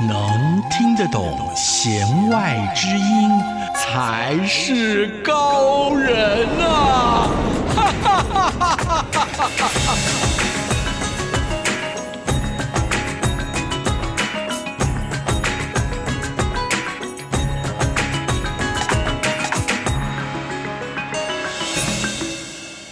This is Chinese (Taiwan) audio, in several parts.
能聽得懂弦外之音，才是高人吶、啊！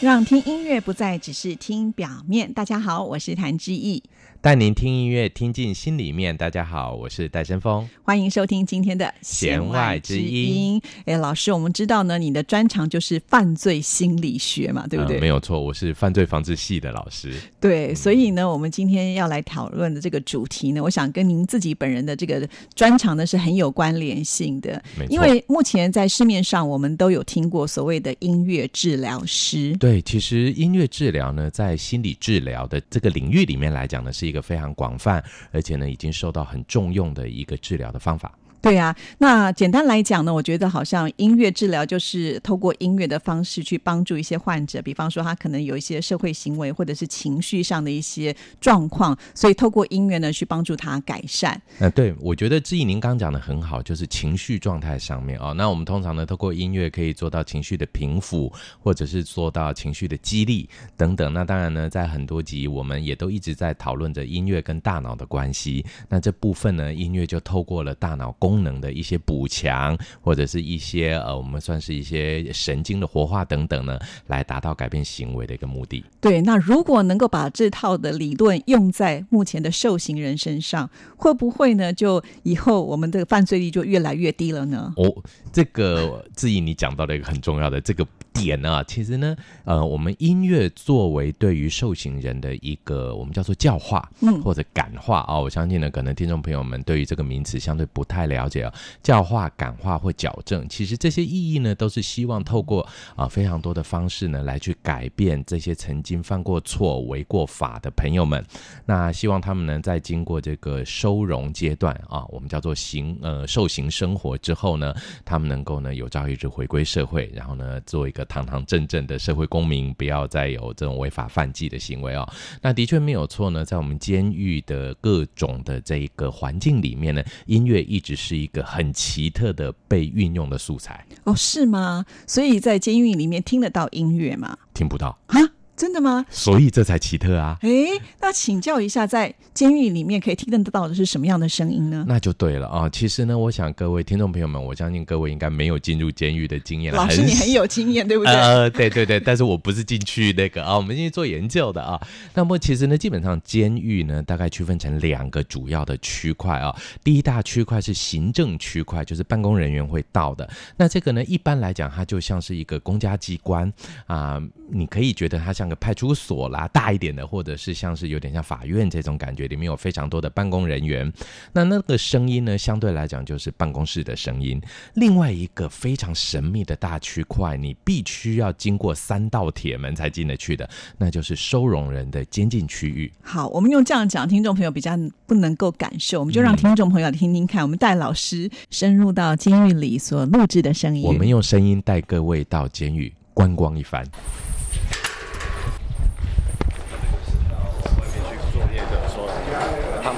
讓聽音樂不再只是聽表面。大家好，我是譚志毅。帶您聽音樂，聽進心裡面。大家好，我是戴森峰，歡迎收聽今天的弦外之音。哎，老師，我們知道呢，你的專長就是犯罪心理學嘛，對不對？嗯、沒有錯，我是犯罪防治系的老師。對、嗯，所以呢，我們今天要來討論的這個主題呢，我想跟您自己本人的這個專長呢是很有關聯性的。沒錯。因為目前在市面上，我們都有聽過所謂的音樂治療師。對，其實音樂治療呢，在心理治療的這個領域裡面來講呢，是一個。一個非常廣泛，而且呢，已經受到很重用的一個治療的方法。對啊，那簡單來講呢，我覺得好像音樂治療就是透過音樂的方式去幫助一些患者，比方說他可能有一些社會行為或者是情緒上的一些狀況，所以透過音樂呢去幫助他改善。嗯、呃，對，我覺得志意您剛講的很好，就是情緒狀態上面哦。那我們通常呢，透過音樂可以做到情緒的平復，或者是做到情緒的激勵等等。那當然呢，在很多集我們也都一直在討論着音樂跟大腦的關係。那這部分呢，音樂就透過了大腦功。功能的一些補強，或者是一些呃，我們算是一些神經的活化等等呢，來達到改變行為的一個目的。對，那如果能夠把這套的理論用在目前的受刑人身上，會不會呢？就以後我們的犯罪率就越來越低了呢？哦，這個我質疑你講到了一個很重要的 這個。點呢、啊，其實呢，呃，我們音樂作為對於受刑人的一個，我們叫做教化，嗯，或者感化啊。我相信呢，可能聽眾朋友們對於這個名詞相對不太了解啊。教化、感化或矯正，其實這些意義呢，都是希望透過啊、呃、非常多的方式呢，來去改變這些曾經犯過錯、違過法的朋友們。那希望他們呢，在經過這個收容階段啊，我們叫做刑，呃受刑生活之後呢，他們能夠呢有朝一日回歸社會，然後呢做一個。堂堂正正的社會公民，不要再有這種違法犯紀的行為哦。那的確沒有錯呢，在我們監獄的各種的這一個環境裡面呢，音樂一直是一個很奇特的被運用的素材哦，是嗎？所以在監獄裡面聽得到音樂嗎？聽不到哈真的嗎？所以這才奇特啊！哎，那請教一下，在監獄裡面可以聽得到的是什麼樣的聲音呢？那就對了啊，哦！其實呢，我想各位聽眾朋友們，我相信各位應該沒有進入監獄的經驗。老師，你很有經驗，對不對？呃，對對對， 但是我不是進去那個啊，我們進去做研究的啊。那麼其實呢，基本上監獄呢，大概區分成兩個主要的區塊啊，哦。第一大區塊是行政區塊，就是辦公人員會到的。那這個呢，一般來講，它就像是一個公家機關啊，呃，你可以覺得它像。那個派出所啦，大一點的，或者是像是有點像法院這種感覺，裡面有非常多的辦公人員。那那個聲音呢，相對來講就是辦公室的聲音。另外一個非常神秘的大區塊，你必須要經過三道鐵門才進得去的，那就是收容人的監禁區域。好，我們用這樣講，聽眾朋友比較不能夠感受，我們就讓聽眾朋友聽聽看。我們帶老師深入到監獄裡所錄製的聲音，我們用聲音帶各位到監獄觀光一番。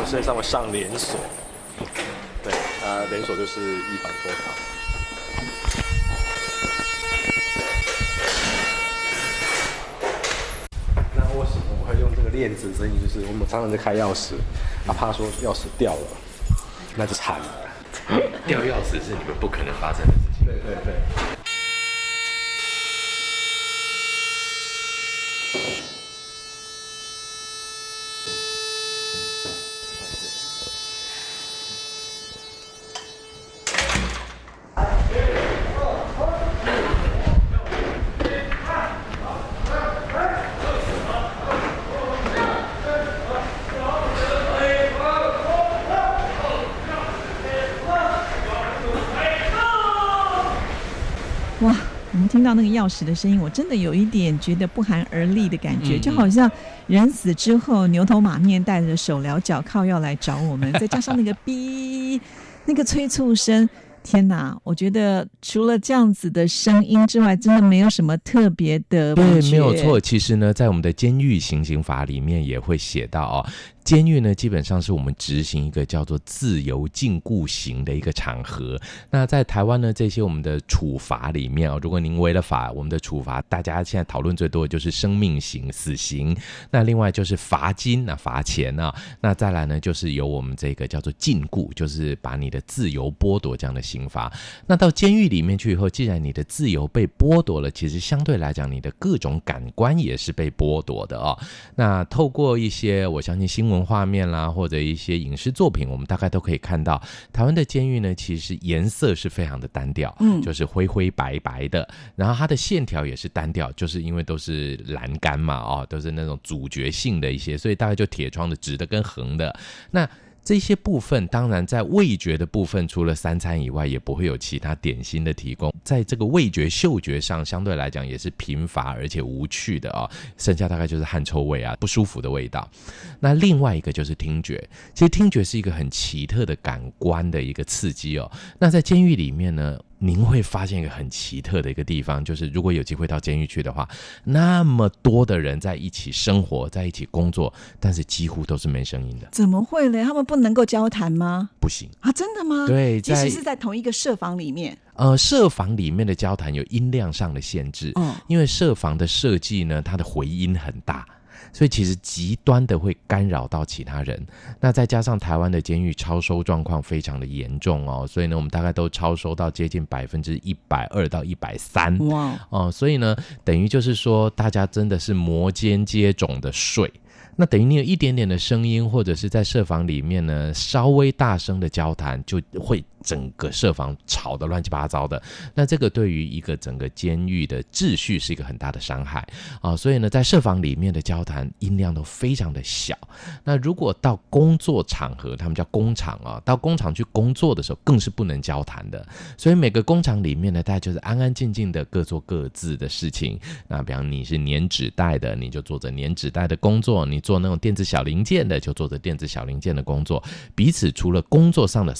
實際上，面上連鎖，對，呃，連鎖就是一房多卡。那為什麼我會用這個鏈子？所以就是我們常常在開鑰匙，哪、嗯啊、怕說鑰匙掉了，那就慘了、嗯。掉鑰匙是你們不可能發生的事情。對對對。到那個鑰匙的聲音，我真的有一點覺得不寒而慄的感覺，嗯、就好像人死之後，牛頭馬面帶着手鐐腳銬要來找我們，再加上那個“逼”、那個催促聲，天哪！我覺得除了這樣子的聲音之外，真的沒有什麼特別的不。對，沒有錯。其實呢，在我們的監獄行刑法裡面也會寫到哦。監獄呢，基本上是我們執行一個叫做自由禁錮刑的一個場合。那在台灣呢，這些我們的處罰裡面啊、哦，如果您違了法，我們的處罰大家現在討論最多的就是生命刑、死刑。那另外就是罰金啊、罰錢啊。那再來呢，就是有我們這個叫做禁錮，就是把你的自由剝奪這樣的刑罰。那到監獄裡面去以後，既然你的自由被剝奪了，其實相對來講，你的各種感官也是被剝奪的哦。那透過一些，我相信新聞。畫面啦，或者一些影視作品，我們大概都可以看到，台灣的監獄呢，其實顏色是非常的單調，嗯，就是灰灰白白的，然後它的線條也是單調，就是因為都是欄杆嘛，哦，都是那種主角性的一些，所以大概就鐵窗的直的跟橫的，那。這些部分當然在味覺的部分，除了三餐以外，也不會有其他點心的提供。在這個味覺、嗅覺上，相對來講也是貧乏而且無趣的啊、哦。剩下大概就是汗臭味啊，不舒服的味道。那另外一個就是聽覺，其實聽覺是一個很奇特的感官的一個刺激哦。那在監獄裡面呢？您會發現一個很奇特的一個地方，就是如果有機會到監獄去的話，那麼多的人在一起生活，在一起工作，但是幾乎都是沒聲音的。怎麼會呢？他們不能夠交談嗎？不行啊！真的嗎？對，其實是在同一個舍房裡面。呃，舍房裡面的交談有音量上的限制，嗯，因為舍房的設計呢，它的回音很大。所以其實極端的會干擾到其他人，那再加上台灣的監獄超收狀況非常的嚴重哦，所以呢，我們大概都超收到接近百分之一百二到一百三哇，哦，所以呢，等於就是說大家真的是摩肩接踵的睡，那等於你有一點點的聲音，或者是在舍房裡面呢稍微大聲的交談，就會。整個舍房吵得亂七八糟的，那這個對於一個整個監獄的秩序是一個很大的傷害啊！所以呢，在舍房裡面的交談音量都非常的小。那如果到工作場合，他們叫工廠啊，到工廠去工作的時候，更是不能交談的。所以每個工廠裡面呢，大家就是安安靜靜的各做各自的事情。那比方你是粘紙袋的，你就做着粘紙袋的工作；你做那種電子小零件的，就做着電子小零件的工作。彼此除了工作上的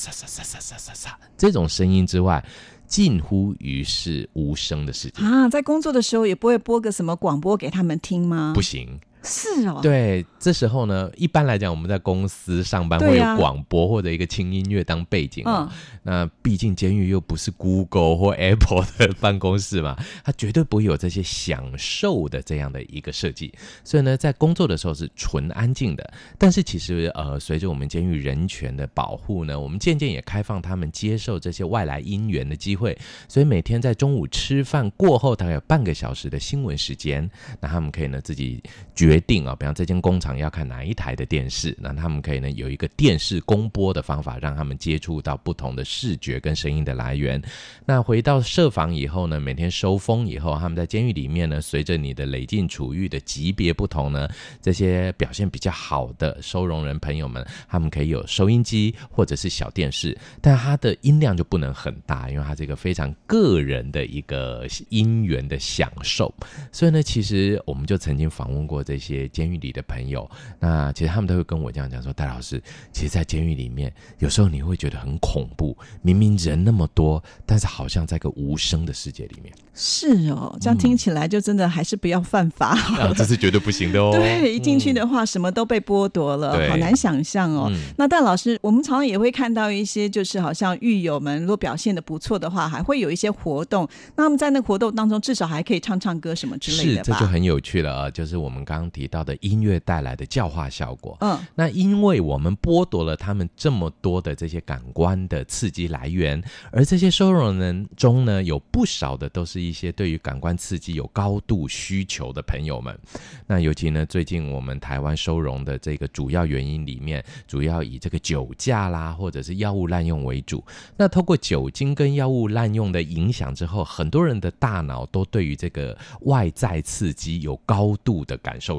這種聲音之外，近乎於是無聲的事情啊，在工作的時候也不會播個什麼廣播給他們聽嗎？不行。是哦，對，這時候呢，一般來講，我們在公司上班會有廣播或者一個輕音樂當背景啊,啊、嗯。那畢竟監獄又不是 Google 或 Apple 的辦公室嘛，它絕對不會有這些享受的這樣的一個設計。所以呢，在工作的時候是純安靜的。但是其實，呃，隨着我們監獄人權的保護呢，我們漸漸也開放他們接受這些外來音源的機會。所以每天在中午吃飯過後，大概有半個小時的新聞時間，那他們可以呢自己決。決定啊，比方這間工廠要看哪一台的電視，那他們可以呢有一個電視公播的方法，讓他們接觸到不同的視覺跟聲音的來源。那回到舍房以後呢，每天收封以後，他們在監獄裡面呢，隨着你的累進處遇的級別不同呢，這些表現比較好的收容人朋友們，他們可以有收音機或者是小電視，但它的音量就不能很大，因為它是一個非常個人的一個音源的享受。所以呢，其實我們就曾經訪問過這些。一些監獄裡的朋友，那其實他們都會跟我這樣講說：“戴老師，其實，在監獄裡面，有時候你會覺得很恐怖，明明人那麼多，但是好像在一個無聲的世界裡面。”是哦，這樣聽起來就真的還是不要犯法、嗯啊，這是絕對不行的哦。對，一進去的話，什麼都被剝奪了，嗯、好難想象哦、嗯。那戴老師，我們常常也會看到一些，就是好像獄友們如果表現得不錯的話，還會有一些活動。那他們在那個活動當中，至少還可以唱唱歌什麼之類的吧。是，這就很有趣了啊！就是我們剛。提到的音樂帶來的教化效果，嗯，那因為我們剝奪了他們這麼多的這些感官的刺激來源，而這些收容人中呢，有不少的都是一些對於感官刺激有高度需求的朋友們。那尤其呢，最近我們台灣收容的這個主要原因裡面，主要以這個酒駕啦，或者是藥物濫用為主。那透過酒精跟藥物濫用的影響之後，很多人的大腦都對於這個外在刺激有高度的感受。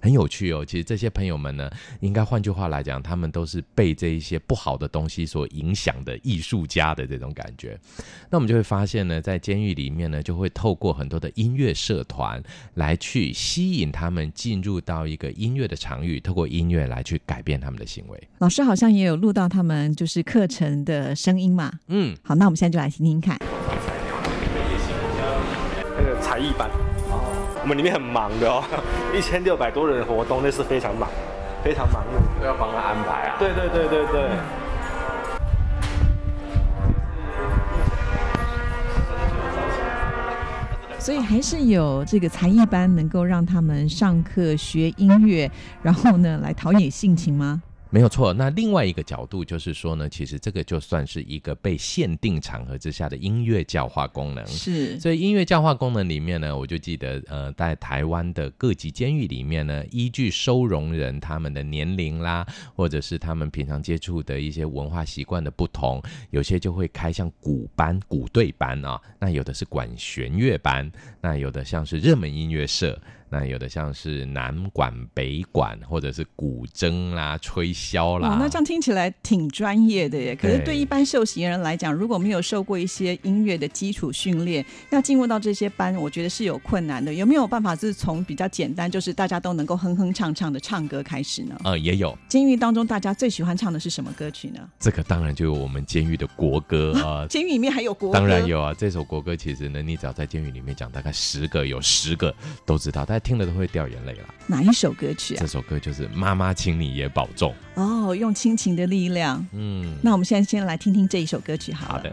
很有趣哦，其實這些朋友們呢，應該換句話來講，他們都是被這一些不好的東西所影響的藝術家的這種感覺。那我們就會發現呢，在監獄裡面呢，就會透過很多的音樂社團來去吸引他們進入到一個音樂的場域，透過音樂來去改變他們的行為。老師好像也有錄到他們就是課程的聲音嘛。嗯，好，那我們現在就來聽聽看。那個、才藝班我們裡面很忙的哦，一千六百多人的活動，那是非常忙，非常忙碌，嗯、都要幫他安排啊。對對對對對、嗯。所以還是有這個才藝班，能夠讓他們上課學音樂，嗯、然後呢來陶冶性情嗎？沒有錯，那另外一個角度就是說呢，其實這個就算是一個被限定場合之下的音樂教化功能。是，所以音樂教化功能裡面呢，我就記得，呃，在台灣的各級監獄裡面呢，依據收容人他們的年齡啦，或者是他們平常接觸的一些文化習慣的不同，有些就會開像鼓班、鼓隊班啊，那有的是管弦樂班，那有的像是熱門音樂社。那有的像是南管、北管，或者是古箏啦、吹簫啦。哦，那這樣聽起來挺專業的耶。可是對一般受刑人來講，如果沒有受過一些音樂的基礎訓練，那進入到這些班，我覺得是有困難的。有沒有辦法是從比較簡單，就是大家都能夠哼哼唱唱的唱歌開始呢？呃、嗯，也有。監獄當中大家最喜歡唱的是什麼歌曲呢？這個當然就有我們監獄的國歌啊。啊、監獄裡面還有國歌？當然有啊。這首國歌其實呢，你只要在監獄裡面講，大概十個有十個都知道。但聽了都會掉眼淚了，哪一首歌曲啊？這首歌就是《媽媽，請你也保重》，哦，用親情的力量。嗯，那我們現在先來聽聽這一首歌曲好？好的。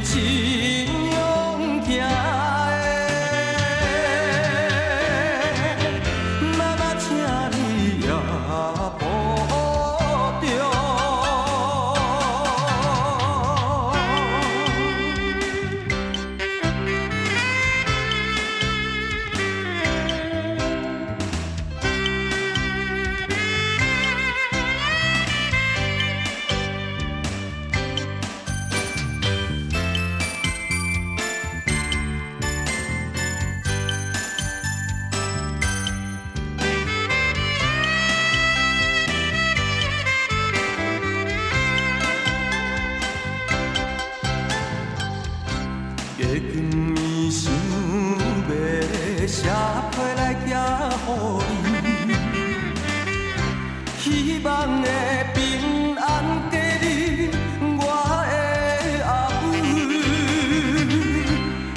寫批來寄乎你，希望的平安過日，我的阿母。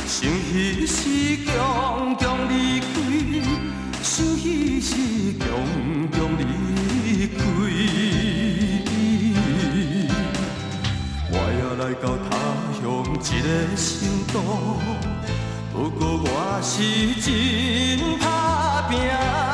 想起是強強離開，想起是強強離開，我要來到他鄉一個新都。我是真打拼。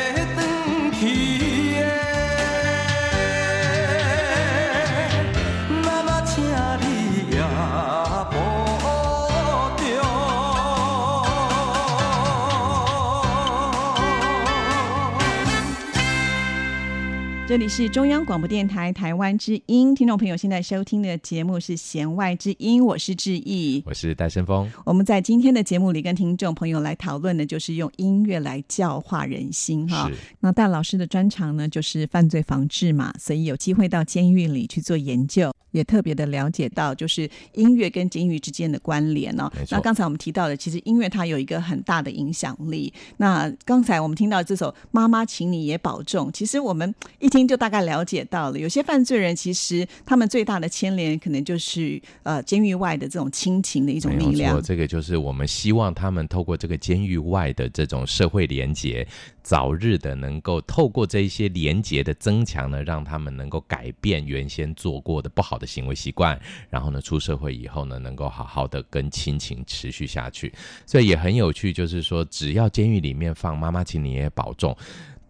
這裡是中央廣播電台台灣之音，聽眾朋友現在收聽的節目是《弦外之音》，我是志毅，我是戴森峰。我們在今天的節目裡跟聽眾朋友來討論的，就是用音樂來教化人心，哈。那戴老師的專長呢，就是犯罪防治嘛，所以有機會到監獄裡去做研究，也特別的了解到，就是音樂跟監獄之間的關聯呢、哦。沒錯。那剛才我們提到的，其實音樂它有一個很大的影響力。那剛才我們聽到這首《媽媽，請你也保重》，其實我們一聽。就大概了解到了，有些犯罪人其實他們最大的牽連，可能就是呃監獄外的這種親情的一種力量。這個就是我們希望他們透過這個監獄外的這種社會連結，早日的能夠透過這一些連結的增強呢，讓他們能夠改變原先做過的不好的行為習慣，然後呢出社會以後呢，能夠好好的跟親情持續下去。所以也很有趣，就是說只要監獄裡面放媽媽請你也保重。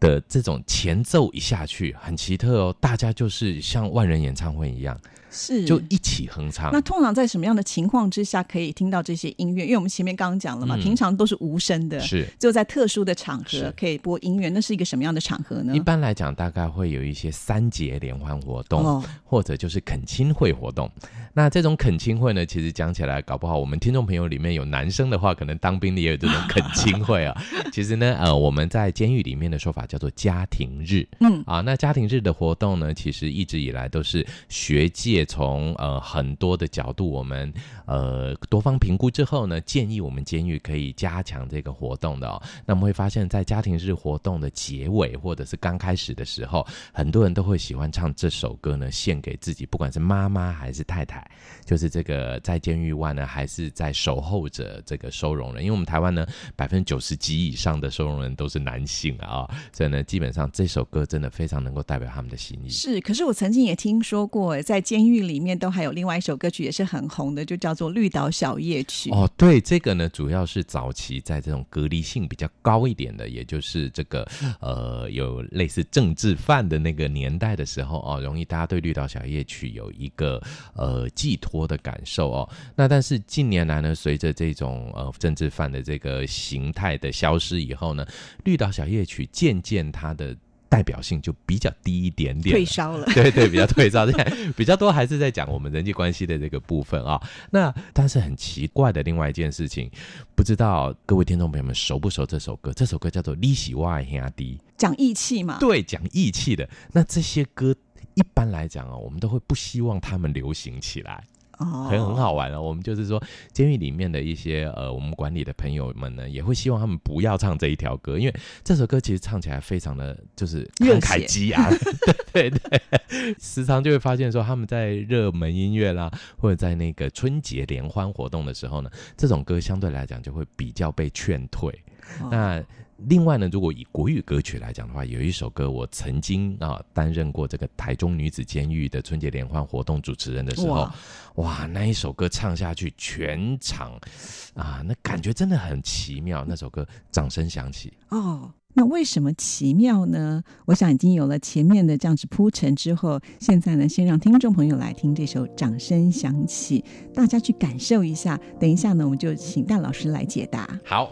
的這種前奏一下去，很奇特哦，大家就是像萬人演唱會一樣，是就一起哼唱。那通常在什麼樣的情況之下可以聽到這些音樂？因為我們前面剛剛講了嘛、嗯，平常都是無聲的，是就在特殊的場合可以播音樂。那是一個什麼樣的場合呢？一般來講，大概會有一些三節聯歡活動、哦，或者就是懇親會活動。那這種懇親會呢，其實講起來，搞不好我們聽眾朋友裡面有男生的話，可能當兵的也有這種懇親會啊。 其實呢，呃，我們在監獄裡面的說法。叫做家庭日，嗯啊，那家庭日的活動呢，其實一直以來都是學界從呃很多的角度，我們呃多方評估之後呢，建議我們監獄可以加強這個活動的。哦，那我們會發現，在家庭日活動的結尾或者是剛開始的時候，很多人都會喜歡唱這首歌呢，獻給自己，不管是媽媽還是太太，就是這個在監獄外呢，還是在守候着這個收容人。因為我們台灣呢，百分之九十幾以上的收容人都是男性啊。的呢，基本上這首歌真的非常能夠代表他們的心意。是，可是我曾經也聽說過，在監獄裡面都還有另外一首歌曲也是很紅的，就叫做《綠島小夜曲》。哦，對，這個呢，主要是早期在這種隔離性比較高一點的，也就是這個呃，有類似政治犯的那個年代的時候，哦，容易大家對《綠島小夜曲》有一個呃寄托的感受哦。那但是近年來呢，隨着這種呃政治犯的這個形態的消失以後呢，《綠島小夜曲》漸漸。見他的代表性就比較低一點點，退燒了， 對對，比較退燒點，比較多還是在講我們人際關係的這個部分啊、哦。那但是很奇怪的，另外一件事情，不知道各位聽眾朋友們熟不熟這首歌？這首歌叫做《你是我的兄弟》，講義氣嘛？對，講義氣的。那這些歌一般來講啊、哦，我們都會不希望他們流行起來。很很好玩啊、哦哦、我們就是說，監獄裡面的一些呃，我們管理的朋友們呢，也會希望他們不要唱這一條歌，因為這首歌其實唱起來非常的就是慷慨激昂， 啊、對，對對，時常就會發現說他們在熱門音樂啦，或者在那個春節聯歡活動的時候呢，這種歌相對來講就會比較被勸退、哦。那。另外呢，如果以國語歌曲來講的話，有一首歌。我曾經啊擔任過這個台中女子監獄的春節聯歡活動主持人的時候，哇，哇那一首歌唱下去，全場啊，那感覺真的很奇妙。那首歌《掌聲響起》哦，那為什麼奇妙呢？我想已經有了前面的這樣子鋪陳之後，現在呢，先讓聽眾朋友來聽這首《掌聲響起》，大家去感受一下。等一下呢，我們就請戴老師來解答。好。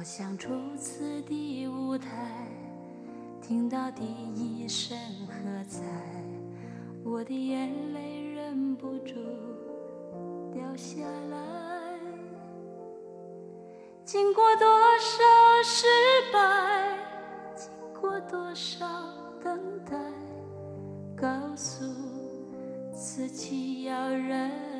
好像初次的舞台，聽到第一聲喝彩，我的眼淚忍不住掉下來。經過多少失敗，經過多少等待，告訴自己要忍。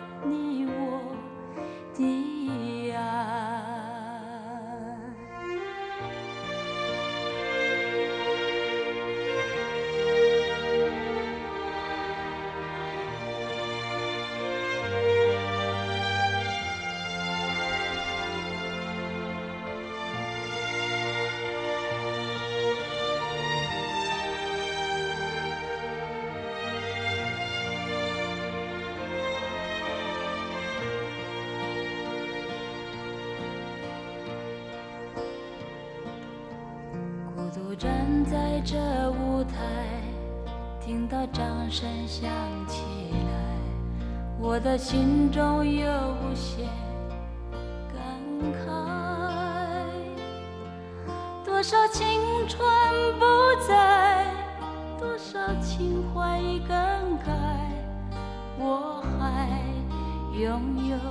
站在這舞台，聽到掌聲響起來，我的心中有些感慨。多少青春不在，多少情懷已更改，我還擁有。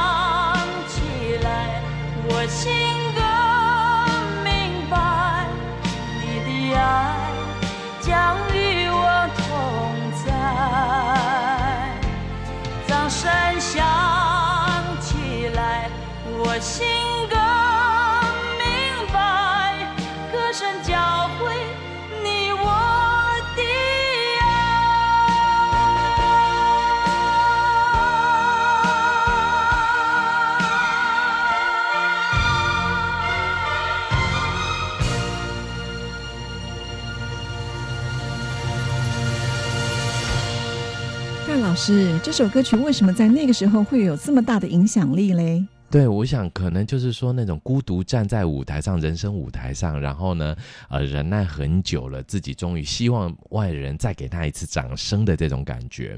是這首歌曲為什麼在那個時候會有這麼大的影響力嘞？對，我想可能就是說那種孤獨站在舞台上，人生舞台上，然後呢，呃，忍耐很久了，自己終於希望外人再給他一次掌聲的這種感覺。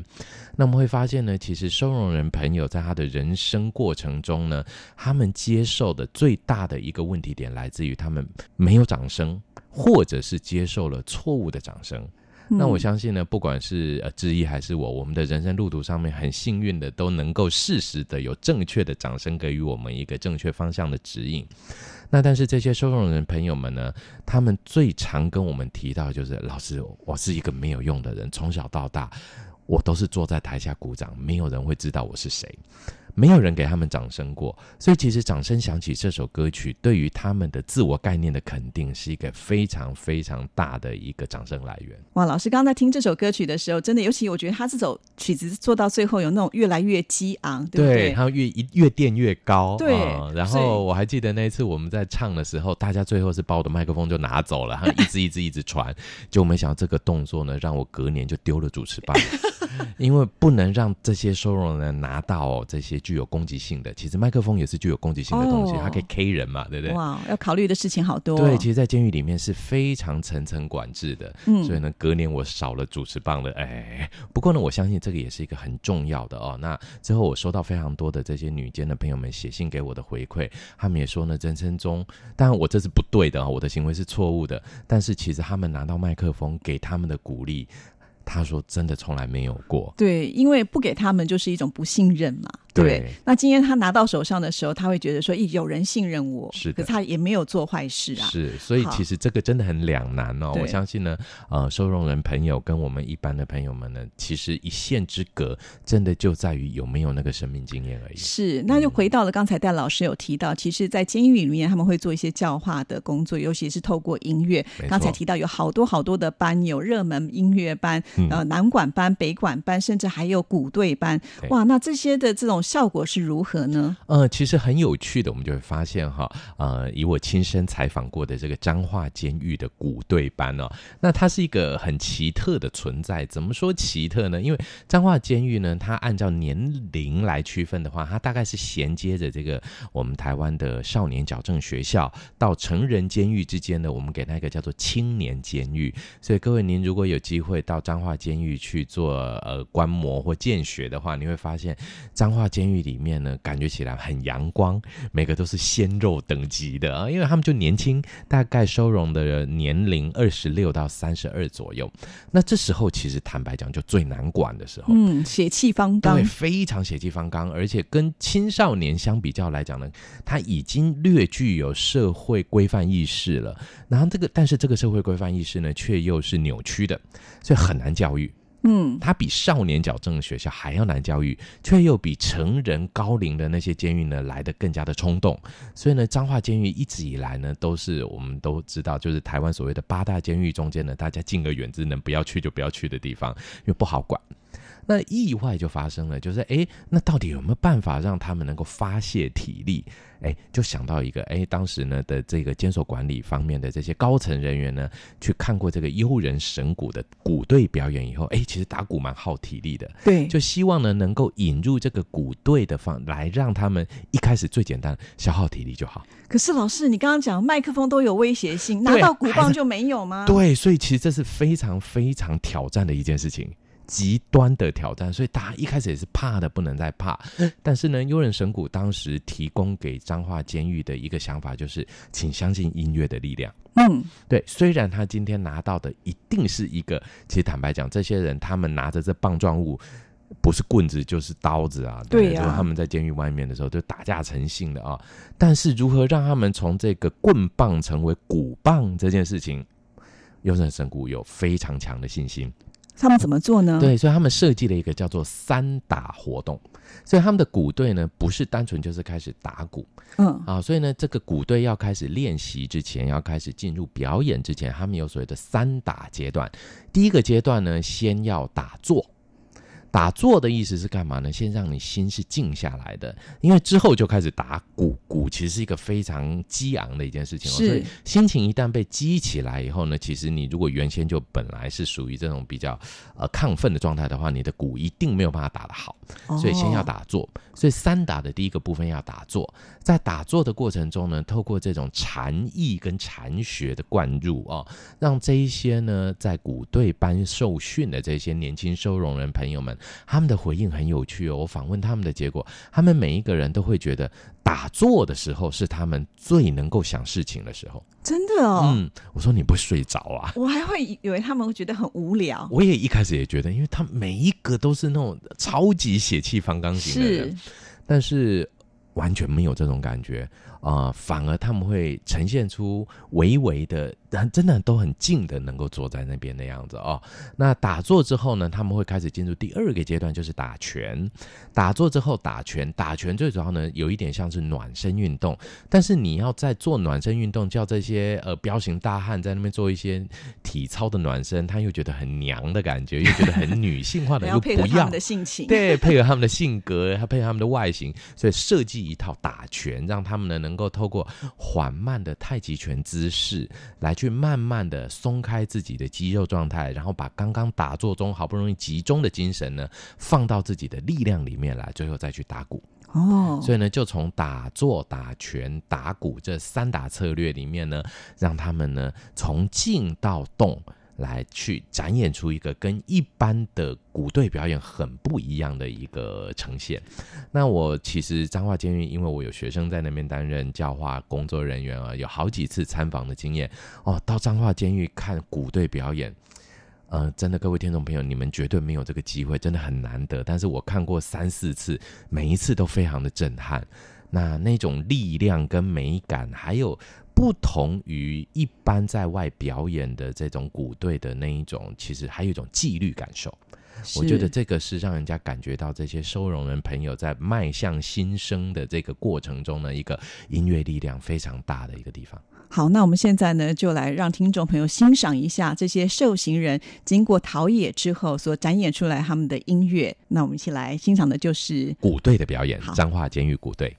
那我們會發現呢，其實收容人朋友在他的人生過程中呢，他們接受的最大的一個問題點來自於他們沒有掌聲，或者是接受了錯誤的掌聲。那我相信呢，不管是呃志毅還是我，我們的人生路途上面很幸運的都能夠適時的有正確的掌聲給予我們一個正確方向的指引。那但是這些收容人朋友們呢，他們最常跟我們提到就是，老師，我是一個沒有用的人，從小到大我都是坐在台下鼓掌，沒有人會知道我是誰。沒有人給他們掌聲過，所以其實掌聲響起這首歌曲，對於他們的自我概念的肯定，是一個非常非常大的一個掌聲來源。哇，老師剛剛在聽這首歌曲的時候，真的，尤其我覺得他這首曲子做到最後有那種越來越激昂，對不對？然後越一越墊越高，對、嗯。然後我還記得那一次我們在唱的時候，大家最後是把我的麥克風就拿走了，然後一直一直一直傳， 就沒想到這個動作呢，讓我隔年就丟了主持棒。 因為不能讓這些收容人拿到、哦、這些具有攻擊性的，其實麥克風也是具有攻擊性的東西，哦、它可以 K 人嘛，對不對？哇，要考慮的事情好多、哦。對，其實，在監獄裡面是非常層層管制的，嗯，所以呢，隔年我少了主持棒了。哎，不過呢，我相信這個也是一個很重要的哦。那之後，我收到非常多的這些女監的朋友們寫信給我的回饋，他們也說呢，人生中，當然我這是不對的、哦，我的行為是錯誤的，但是其實他們拿到麥克風給他們的鼓勵。他說：“真的從來沒有過。”對，因為不給他們就是一種不信任嘛。對，對，那今天他拿到手上的時候，他會覺得說：“咦，有人信任我，是的，可是他也沒有做壞事啊。”是，所以其實這個真的很兩難哦。我相信呢，呃，收容人朋友跟我們一般的朋友們呢，其實一線之隔，真的就在於有沒有那個生命經驗而已。是，那就回到了剛才戴老師有提到，嗯、其實，在監獄裡面他們會做一些教化的工作，尤其是透過音樂。剛才提到有好多好多的班，有熱門音樂班，呃、嗯，南管班、北管班，甚至還有鼓隊班。哇，那這些的這種。效果是如何呢？呃，其實很有趣的，我們就會發現哈，呃，以我親身採訪過的這個彰化監獄的鼓隊班哦，那它是一個很奇特的存在。怎麼說奇特呢？因為彰化監獄呢，它按照年齡來區分的話，它大概是銜接着這個我們台灣的少年矯正學校到成人監獄之間的，我們給它一個叫做青年監獄。所以，各位您如果有機會到彰化監獄去做呃觀摩或見學的話，你會發現彰化。監獄裡面呢，感覺起來很陽光，每個都是鮮肉等級的啊，因為他們就年輕，大概收容的年齡二十六到三十二左右。那這時候其實坦白講，就最難管的時候。嗯，血氣方剛，對，非常血氣方剛，而且跟青少年相比較來講呢，他已經略具有社會規範意識了。然後這個，但是這個社會規範意識呢，卻又是扭曲的，所以很難教育。嗯，他比少年矯正的學校還要難教育，卻又比成人高齡的那些監獄呢來得更加的衝動，所以呢，彰化監獄一直以來呢都是我們都知道，就是台灣所謂的八大監獄中間呢，大家敬而遠之能、能不要去就不要去的地方，因為不好管。那意外就發生了，就是哎、欸，那到底有沒有辦法讓他們能夠發洩體力？哎、欸，就想到一個哎、欸，當時呢的這個監所管理方面的這些高層人員呢，去看過這個優人神鼓的鼓隊表演以後，哎、欸，其實打鼓蠻耗體力的。對，就希望呢能夠引入這個鼓隊的方來讓他們一開始最簡單消耗體力就好。可是老師，你剛剛講麥克風都有威脅性，拿到鼓棒就沒有嗎對？對，所以其實這是非常非常挑戰的一件事情。極端的挑戰，所以大家一開始也是怕的不能再怕。但是呢，優人神鼓當時提供給彰化監獄的一個想法就是，請相信音樂的力量。嗯，對。雖然他今天拿到的一定是一個，其實坦白講，這些人他們拿着這棒狀物，不是棍子就是刀子啊。對，對啊、就是、他們在監獄外面的時候就打架成性的啊，但是如何讓他們從這個棍棒成為鼓棒這件事情，優人神、神鼓有非常強的信心。他們怎麼做呢？嗯、對，所以他們設計了一個叫做“三打”活動。所以他們的鼓隊呢，不是單純就是開始打鼓，嗯啊，所以呢，這個鼓隊要開始練習之前，要開始進入表演之前，他們有所謂的“三打”階段。第一個階段呢，先要打坐。打坐的意思是幹嘛呢？先讓你心是靜下來的，因為之後就開始打鼓，鼓其實是一個非常激昂的一件事情喔。是。所以心情一旦被激起來以後呢，其實你如果原先就本來是屬於這種比較呃亢奮的狀態的話，你的鼓一定沒有辦法打得好。所以先要打坐，oh. 所以三打的第一個部分要打坐。在打坐的過程中呢，透過這種禪意跟禪學的灌入哦，讓這一些呢在鼓隊班受訓的這些年輕收容人朋友們。他們的回應很有趣哦。我訪問他們的結果，他們每一個人都會覺得打坐的時候是他們最能夠想事情的時候。真的哦。嗯，我說你不睡着啊？我還會以為他們會覺得很無聊。我也一開始也覺得，因為他們每一個都是那種超級血氣方剛型的人，但是完全沒有這種感覺。啊、呃，反而他們會呈現出微微的，真的都很靜的，能夠坐在那邊的樣子哦。那打坐之後呢，他們會開始進入第二個階段，就是打拳。打坐之後打拳，打拳最主要呢，有一點像是暖身運動。但是你要在做暖身運動，叫這些呃彪形大漢在那邊做一些體操的暖身，他又覺得很娘的感覺，又覺得很女性化的又 不一樣。的性情。對，配合他們的性格，還配合他們的外形，所以設計一套打拳，讓他們呢能。能夠透過緩慢的太極拳姿勢來去慢慢的鬆開自己的肌肉狀態，然後把剛剛打坐中好不容易集中的精神呢，放到自己的力量裡面來，最後再去打鼓。哦，所以呢，就從打坐、打拳、打鼓這三打策略裡面呢，讓他們呢從靜到動。來去展演出一個跟一般的鼓隊表演很不一樣的一個呈現。那我其實彰化監獄，因為我有學生在那邊擔任教化工作人員啊，有好幾次參訪的經驗哦。到彰化監獄看鼓隊表演，呃，真的各位聽眾朋友，你們絕對沒有這個機會，真的很難得。但是我看過三四次，每一次都非常的震撼。那那種力量跟美感，還有。不同於一般在外表演的這種鼓隊的那一種，其實還有一種紀律感受。我覺得這個是讓人家感覺到這些收容人朋友在邁向新生的這個過程中呢，一個音樂力量非常大的一個地方。好，那我們現在呢，就來讓聽眾朋友欣賞一下這些受刑人經過陶冶之後所展演出來他們的音樂。那我們一起來欣賞的，就是鼓隊的表演——彰化監獄鼓隊。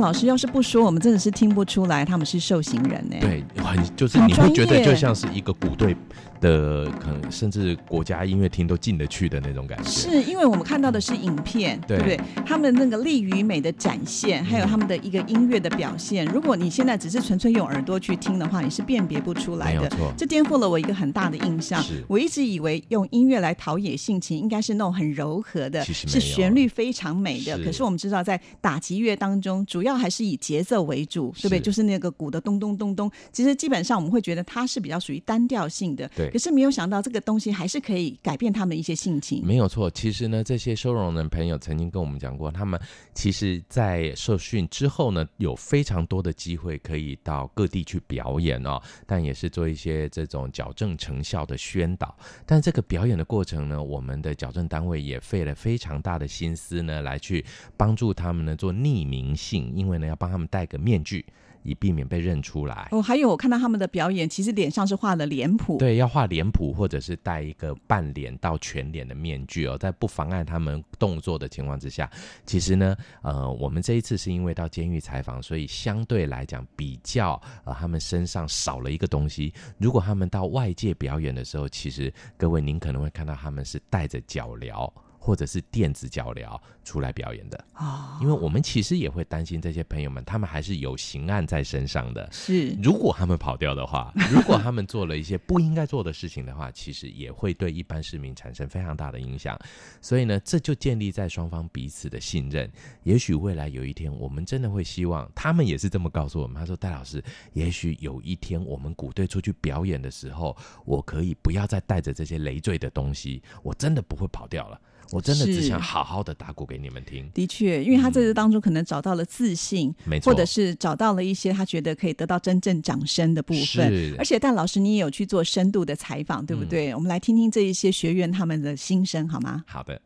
老師要是不說，我們真的是聽不出來他們是受刑人呢、欸。對，很，就是你會覺得就像是一個鼓隊。的可能甚至國家音樂廳都進得去的那種感覺，是因為我們看到的是影片，嗯、對不對？他們那個力與美的展現，嗯，還有他們的一個音樂的表現。如果你現在只是純粹用耳朵去聽的話，你是辨別不出來的。沒有錯。這顛覆了我一個很大的印象。是我一直以為用音樂來陶冶性情，應該是那種很柔和的，是旋律非常美的。是可是我們知道，在打擊樂當中，主要還是以節奏為主，對不對？就是那個鼓的咚咚咚咚咚。其實基本上我們會覺得它是比較屬於單調性的。對。可是沒有想到，這個東西還是可以改變他們一些性情。沒有錯，其實呢，這些收容人朋友曾經跟我們講過，他們其實，在受訓之後呢，有非常多的機會可以到各地去表演哦，但也是做一些這種矯正成效的宣導。但這個表演的過程呢，我們的矯正單位也費了非常大的心思呢，來去幫助他們呢做匿名性，因為呢要幫他們戴個面具。以避免被認出來。哦，還有我看到他們的表演，其實臉上是畫了臉譜。對，要畫臉譜，或者是戴一個半臉到全臉的面具哦，在不妨礙他們動作的情況之下，其實呢，呃，我們這一次是因為到監獄採訪，所以相對來講比較呃，他們身上少了一個東西。如果他們到外界表演的時候，其實各位您可能會看到他們是戴着腳鐐。或者是電子腳鐐出來表演的啊，因為我們其實也會擔心這些朋友們，他們還是有刑案在身上的。是，如果他們跑掉的話，如果他們做了一些不應該做的事情的話，其實也會對一般市民產生非常大的影響。所以呢，這就建立在雙方彼此的信任。也許未來有一天，我們真的會希望他們也是這麼告訴我們。他說：“戴老師，也許有一天我們鼓隊出去表演的時候，我可以不要再帶着這些累贅的東西，我真的不會跑掉了。”我真的只想好好的打鼓給你們聽。的確，因為他在這當中可能找到了自信、嗯，沒錯，或者是找到了一些他覺得可以得到真正掌聲的部分。而且，戴老師，你也有去做深度的採訪、嗯，對不對？我們來聽聽這一些學員他們的心聲，好嗎？好的。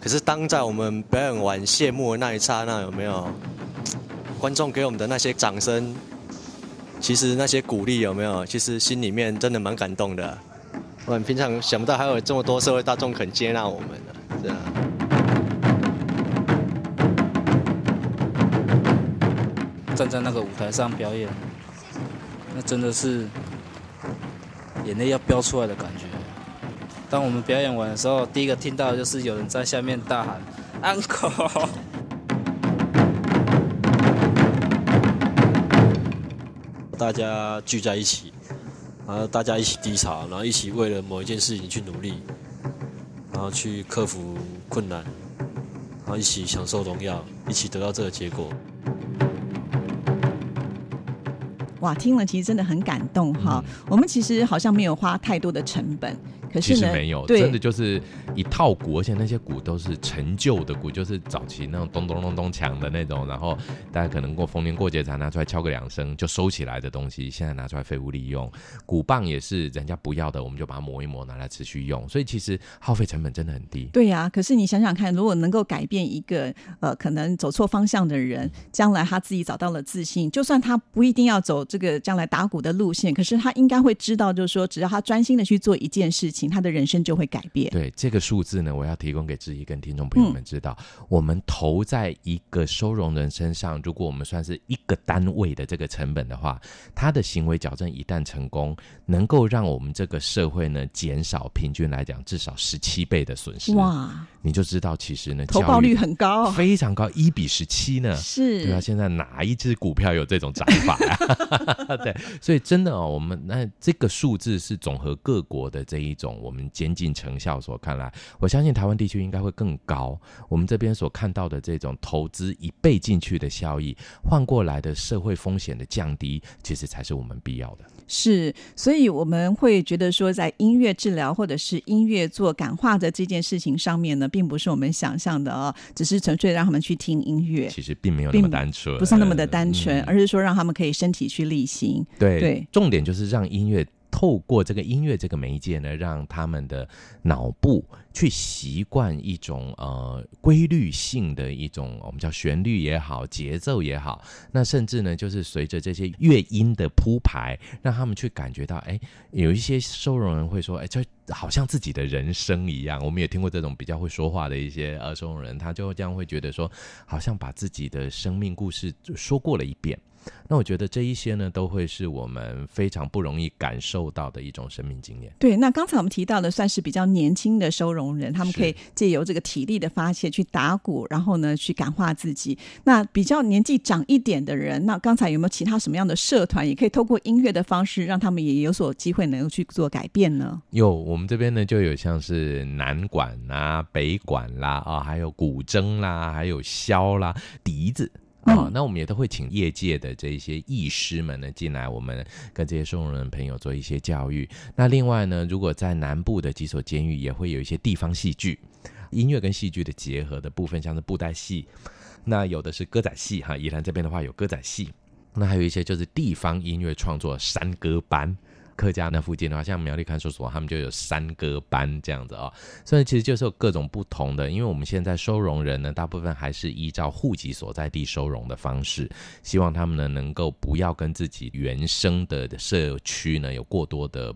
可是，當在我們表演完謝幕的那一剎那，有沒有？觀眾給我們的那些掌聲，其實那些鼓勵有沒有？其實心裡面真的蠻感動的、啊。我們平常想不到還有這麼多社會大眾肯接納我們、是啊、站在那個舞台上表演，那真的是眼淚要飆出來的感覺。當我們表演完的時候，第一個聽到的就是有人在下面大喊“安可”大家聚在一起，然後大家一起低潮，然後一起為了某一件事情去努力，然後去克服困難，然後一起享受榮耀，一起得到這個結果。哇，聽了其實真的很感動哈、嗯。我們其實好像沒有花太多的成本，可是其實沒有，真的就是一套鼓，而且那些鼓都是陳舊的鼓，就是早期那種咚咚咚咚鏘的那種，然後大家可能過逢年過節才拿出來敲個兩聲就收起來的東西，現在拿出來廢物利用。鼓棒也是人家不要的，我們就把它磨一磨拿來持續用，所以其實耗費成本真的很低。對呀、啊，可是你想想看，如果能夠改變一個呃可能走錯方向的人，將來他自己找到了自信，就算他不一定要走。這個將來打鼓的路線，可是他應該會知道，就是說，只要他專心的去做一件事情，他的人生就會改變。對，這個數字呢，我要提供給自己跟聽眾朋友們知道，嗯，我們投在一個收容人身上，如果我們算是一個單位的這個成本的話，他的行為矯正一旦成功，能夠讓我們這個社會呢減少平均來講至少十七倍的損失。哇，你就知道其實呢，投報率很高，非常高，一比十七呢？是，對啊，現在哪一支股票有這種漲法呀？啊？ 對，所以真的哦，我們，那這個數字是總和各國的這一種我們監禁成效所看來，我相信台灣地區應該會更高。我們這邊所看到的這種投資一倍進去的效益，換過來的社會風險的降低，其實才是我們必要的。是，所以我們會覺得說，在音樂治療，或者是音樂做感化的這件事情上面呢，並不是我們想象的哦，只是純粹讓他們去聽音樂。其實並沒有那麼單純，不是那麼的單純，嗯，而是說，讓他們可以身體去力行，對，對，重點就是讓音樂。透過這個音樂這個媒介呢，讓他們的腦部去習慣一種呃規律性的一種我們叫旋律也好，節奏也好。那甚至呢，就是隨着這些樂音的鋪排，讓他們去感覺到，哎，有一些收容人會說，哎，這好像自己的人生一樣。我們也聽過這種比較會說話的一些呃收容人，他就這樣會覺得說，好像把自己的生命故事說過了一遍。那我覺得這一些呢，都會是我們非常不容易感受到的一種生命經驗。對，那剛才我們提到的，算是比較年輕的收容人，他們可以借由這個體力的發洩去打鼓，然後呢去感化自己。那比較年紀長一點的人，那剛才有沒有其他什麼樣的社團，也可以透過音樂的方式，讓他們也有所機會能夠去做改變呢？有，我們這邊呢就有像是南管啦、啊、北管啦啊、哦、啊，還有古箏啦，還有簫啦、笛子。啊、嗯哦，那我們也都會請業界的這些藝師們呢進來，我們跟這些收容人朋友做一些教育。那另外呢，如果在南部的幾所監獄，也會有一些地方戲劇、音樂跟戲劇的結合的部分，像是布袋戲。那有的是歌仔戲，哈，宜蘭這邊的話有歌仔戲。那還有一些就是地方音樂創作山歌班。客家那附近的話，像苗栗看守所，他們就有山歌班這樣子啊、喔，所以其實就是有各種不同的。因為我們現在收容人呢，大部分還是依照戶籍所在地收容的方式，希望他們呢能夠不要跟自己原生的社區呢有過多的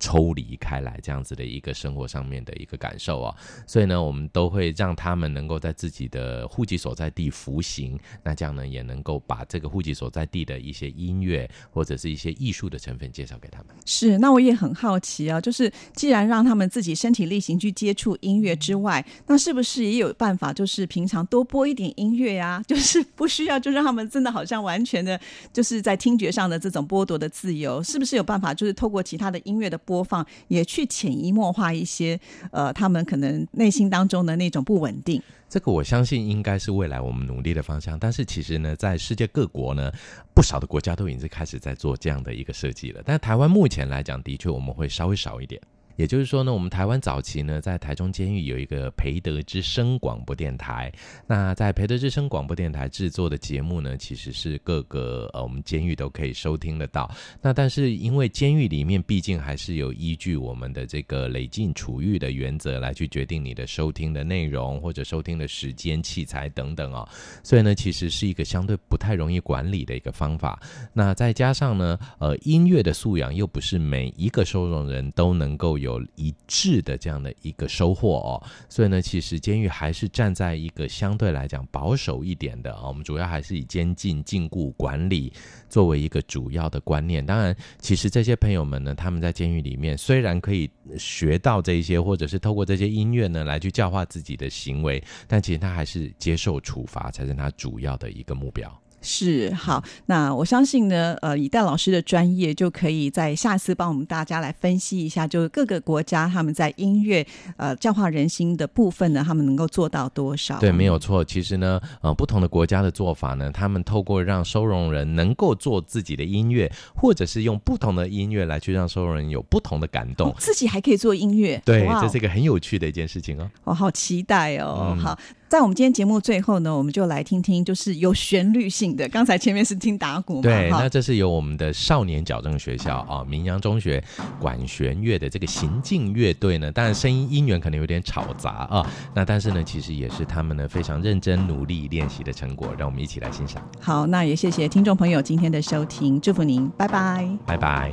抽離開來這樣子的一個生活上面的一個感受哦、喔，所以呢，我們都會讓他們能夠在自己的戶籍所在地服刑，那這樣呢也能夠把這個戶籍所在地的一些音樂或者是一些藝術的成分介紹給他們。是，那我也很好奇啊。就是既然讓他們自己身體力行去接觸音樂之外，那是不是也有辦法？就是平常多播一點音樂呀、啊，就是不需要就讓他們真的好像完全的，就是在聽覺上的這種剝奪的自由，是不是有辦法？就是透過其他的音樂的播放，也去潛移默化一些呃，他們可能內心當中的那種不穩定。這個我相信應該是未來我們努力的方向，但是其實呢，在世界各國呢，不少的國家都已經是開始在做這樣的一個設計了。但台灣目前來講，的確我們會稍微少一點。也就是說呢，我們台灣早期呢，在台中監獄有一個培德之聲廣播電台。那在培德之聲廣播電台製作的節目呢，其實是各個呃，我們監獄都可以收聽得到。那但是因為監獄裡面畢竟還是有依據我們的這個累進處遇的原則來去決定你的收聽的內容或者收聽的時間、器材等等哦。所以呢，其實是一個相對不太容易管理的一個方法。那再加上呢，呃，音樂的素養又不是每一個收容人都能夠。有一致的這樣的一個收穫哦，所以呢，其實監獄還是站在一個相對來講保守一點的啊、哦，我們主要還是以監禁、禁錮管理作為一個主要的觀念。當然，其實這些朋友們呢，他們在監獄裡面雖然可以學到這些，或者是透過這些音樂呢來去教化自己的行為，但其實他還是接受處罰才是他主要的一個目標。是，好，那我相信呢，呃，以戴老師的專業，就可以在下次幫我們大家來分析一下，就是各個國家他們在音樂呃教化人心的部分呢，他們能夠做到多少？對，沒有錯。其實呢，呃，不同的國家的做法呢，他們透過讓收容人能夠做自己的音樂，或者是用不同的音樂來去讓收容人有不同的感動，哦、自己還可以做音樂。對、wow，這是一個很有趣的一件事情哦。我、哦、好期待哦，嗯、好。在我們今天節目最後呢，我們就來聽聽，就是有旋律性的。剛才前面是聽打鼓嘛，對，那這是由我們的少年矯正學校啊、哦，明陽中學管絃樂的這個行進樂隊呢，當然聲音音源可能有點吵雜啊、哦，那但是呢，其實也是他們呢非常認真努力練習的成果，讓我們一起來欣賞。好，那也謝謝聽眾朋友今天的收聽，祝福您，拜拜，拜拜。